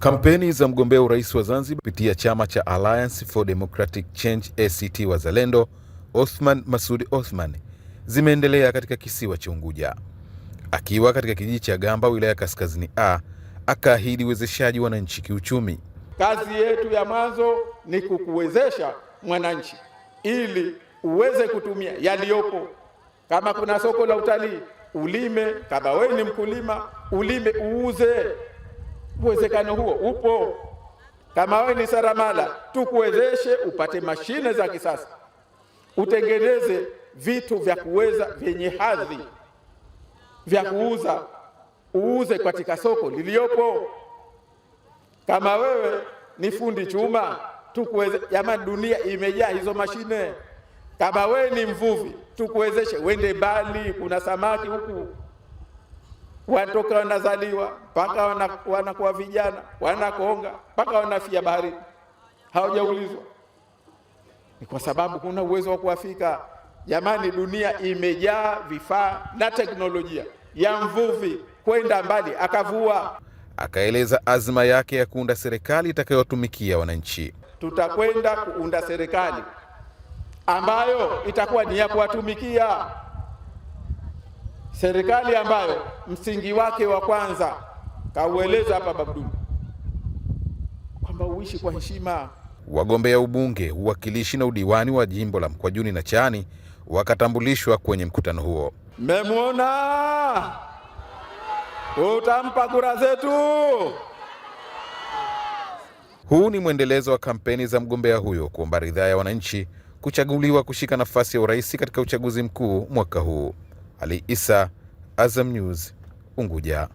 Kampeni za mgombea urais wa Zanzibar kupitia chama cha Alliance for Democratic Change ACT Wazalendo, Othman masudi Othman zimeendelea katika kisiwa cha Unguja. Akiwa katika kijiji cha Gamba, wilaya Kaskazini A, akaahidi uwezeshaji wananchi kiuchumi. Kazi yetu ya mwanzo ni kukuwezesha mwananchi ili uweze kutumia yaliyopo. Kama kuna soko la utalii, ulime. Kama wewe ni mkulima, ulime, uuze. Uwezekano huo upo. Kama wewe ni saramala, tukuwezeshe upate mashine za kisasa, utengeneze vitu vya kuweza vyenye hadhi vya kuuza, uuze katika soko liliyopo. Kama wewe ni fundi chuma, tukuweze. Jamani, dunia imejaa hizo mashine. Kama wewe ni mvuvi, tukuwezeshe uende mbali, kuna samaki huku watoka wanazaliwa mpaka wanakuwa vijana wanakonga mpaka wanafia baharini, hawajaulizwa. Ni kwa sababu huna uwezo wa kuwafika. Jamani, dunia imejaa vifaa na teknolojia ya mvuvi kwenda mbali akavua. Akaeleza azma yake ya kuunda serikali itakayowatumikia wananchi. Tutakwenda kuunda serikali ambayo itakuwa ni ya kuwatumikia serikali ambayo msingi wake wa kwanza kaueleza hapa Babduni kwamba uishi kwa heshima. Wagombea ubunge, uwakilishi na udiwani wa jimbo la Mkwajuni na chani wakatambulishwa kwenye mkutano huo. Mmemwona, utampa kura zetu. Huu ni mwendelezo wa kampeni za mgombea huyo kuomba ridhaa ya wananchi kuchaguliwa kushika nafasi ya urais katika uchaguzi mkuu mwaka huu. Ali Isa, Azam News, Unguja.